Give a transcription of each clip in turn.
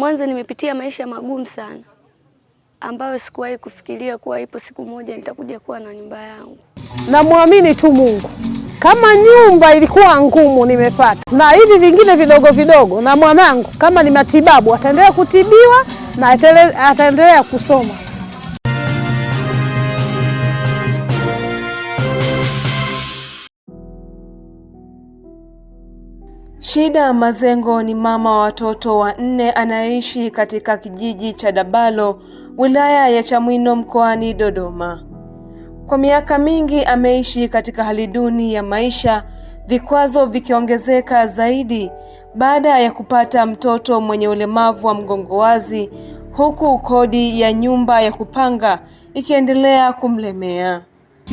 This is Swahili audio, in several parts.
Mwanzo nimepitia maisha magumu sana ambayo sikuwahi kufikiria kuwa ipo siku moja nitakuja kuwa na nyumba yangu. Namwamini tu Mungu. Kama nyumba ilikuwa ngumu nimepata, na hivi vingine vidogo vidogo, na mwanangu kama ni matibabu ataendelea kutibiwa na ataendelea kusoma. Shida Mazengo ni mama wa watoto wanne anayeishi katika kijiji cha Dabalo, wilaya ya Chamwino mkoani Dodoma. Kwa miaka mingi ameishi katika hali duni ya maisha, vikwazo vikiongezeka zaidi baada ya kupata mtoto mwenye ulemavu wa mgongo wazi, huku kodi ya nyumba ya kupanga ikiendelea kumlemea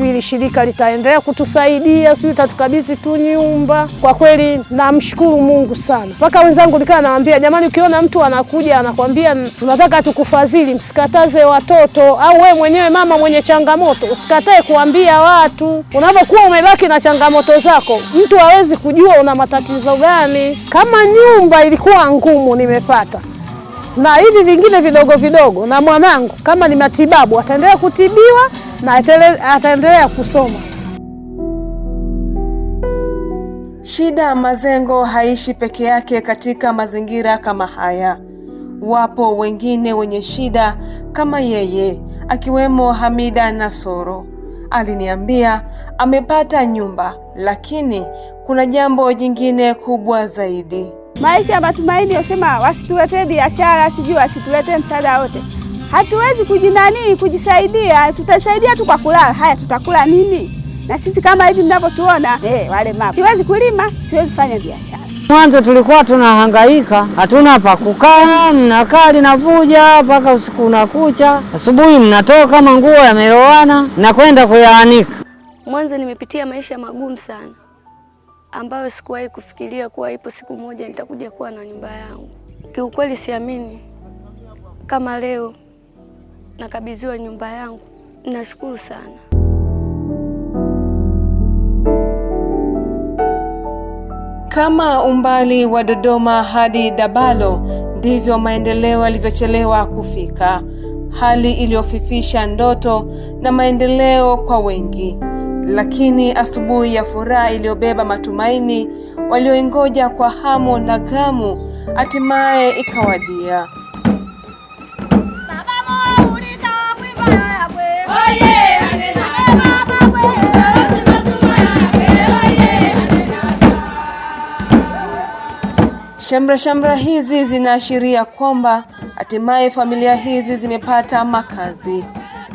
hili shirika litaendelea kutusaidia, sijui tatukabidhi tu nyumba. Kwa kweli namshukuru Mungu sana, mpaka wenzangu nikaa nawambia jamani, ukiona mtu anakuja anakwambia tunataka tukufadhili, msikataze watoto au wewe mwenyewe mama mwenye changamoto usikatae kuambia watu. Unapokuwa umebaki na changamoto zako, mtu hawezi kujua una matatizo gani. Kama nyumba ilikuwa ngumu nimepata na hivi vingine vidogo vidogo. Na mwanangu kama ni matibabu ataendelea kutibiwa na ataendelea kusoma. Shida ya mazengo haishi peke yake katika mazingira kama haya. Wapo wengine wenye shida kama yeye, akiwemo Hamida Nasoro. Aliniambia amepata nyumba, lakini kuna jambo jingine kubwa zaidi maisha ya matumaini yosema wasituletee biashara sijui wasituletee msaada wote. Hatuwezi kujinanii kujisaidia, tutasaidia tu kwa kulala. Haya, tutakula nini? Na sisi kama hivi mnavyotuona eh, wale mama, siwezi kulima, siwezi fanya biashara. Mwanzo tulikuwa tunahangaika, hatuna pa kukaa, mnakaa linavuja mpaka usiku unakucha, asubuhi mnatoka manguo yamelowana na kwenda kuyaanika. Mwanzo nimepitia maisha magumu sana ambayo sikuwahi kufikiria kuwa ipo siku moja nitakuja kuwa na nyumba yangu. Kiukweli siamini kama leo nakabidhiwa nyumba yangu. Nashukuru sana. Kama umbali wa Dodoma hadi Dabalo ndivyo maendeleo yalivyochelewa kufika, hali iliyofifisha ndoto na maendeleo kwa wengi. Lakini asubuhi ya furaha iliyobeba matumaini walioingoja kwa hamu na gamu hatimaye ikawadia. Shamra shamra hizi zinaashiria kwamba hatimaye familia hizi zimepata makazi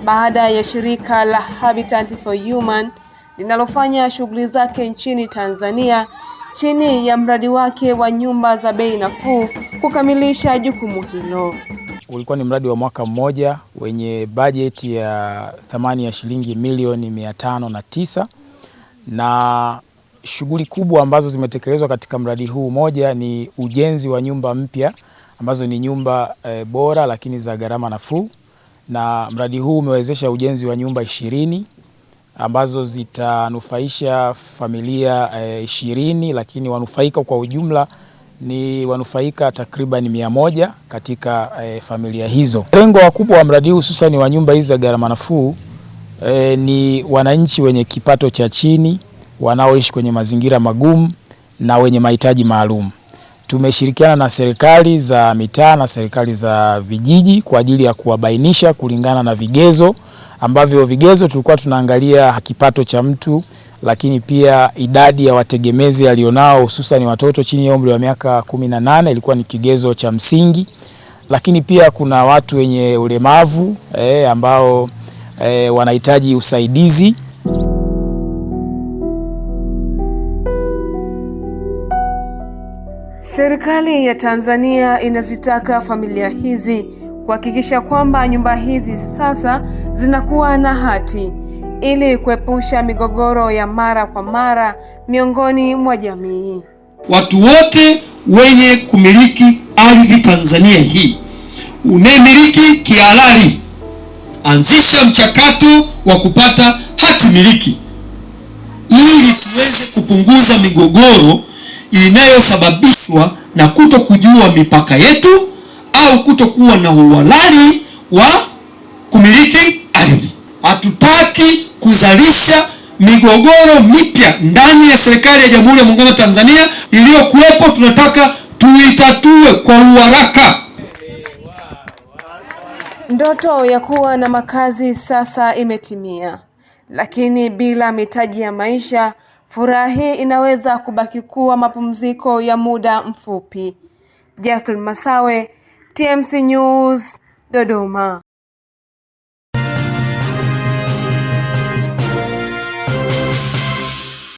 baada ya shirika la Habitat for Human linalofanya shughuli zake nchini Tanzania chini ya mradi wake wa nyumba za bei nafuu kukamilisha jukumu hilo. Ulikuwa ni mradi wa mwaka mmoja wenye bajeti ya thamani ya shilingi milioni mia tano na tisa na shughuli kubwa ambazo zimetekelezwa katika mradi huu, moja ni ujenzi wa nyumba mpya ambazo ni nyumba e, bora lakini za gharama nafuu, na mradi huu umewezesha ujenzi wa nyumba ishirini ambazo zitanufaisha familia eh, ishirini e, lakini wanufaika kwa ujumla ni wanufaika takriban mia moja katika e, familia hizo. Lengo wakubwa wa mradi huu hususan wa nyumba hizi za gharama nafuu e, ni wananchi wenye kipato cha chini wanaoishi kwenye mazingira magumu na wenye mahitaji maalum. Tumeshirikiana na serikali za mitaa na serikali za vijiji kwa ajili ya kuwabainisha kulingana na vigezo ambavyo vigezo tulikuwa tunaangalia kipato cha mtu, lakini pia idadi ya wategemezi alionao hususan watoto chini ya umri wa miaka kumi na nane ilikuwa ni kigezo cha msingi, lakini pia kuna watu wenye ulemavu eh, ambao eh, wanahitaji usaidizi Serikali ya Tanzania inazitaka familia hizi kuhakikisha kwamba nyumba hizi sasa zinakuwa na hati ili kuepusha migogoro ya mara kwa mara miongoni mwa jamii. Watu wote wenye kumiliki ardhi Tanzania hii, unayemiliki kihalali, anzisha mchakato wa kupata hati miliki ili tuweze kupunguza migogoro inayosababishwa na kuto kujua mipaka yetu au kuto kuwa na uhalali wa kumiliki ardhi. Hatutaki kuzalisha migogoro mipya ndani ya serikali ya Jamhuri ya Muungano wa Tanzania iliyokuwepo. Tunataka tuitatue kwa uharaka. Ndoto ya kuwa na makazi sasa imetimia, lakini bila mitaji ya maisha Furaha hii inaweza kubaki kuwa mapumziko ya muda mfupi. Jacqueline Masawe, TMC News, Dodoma.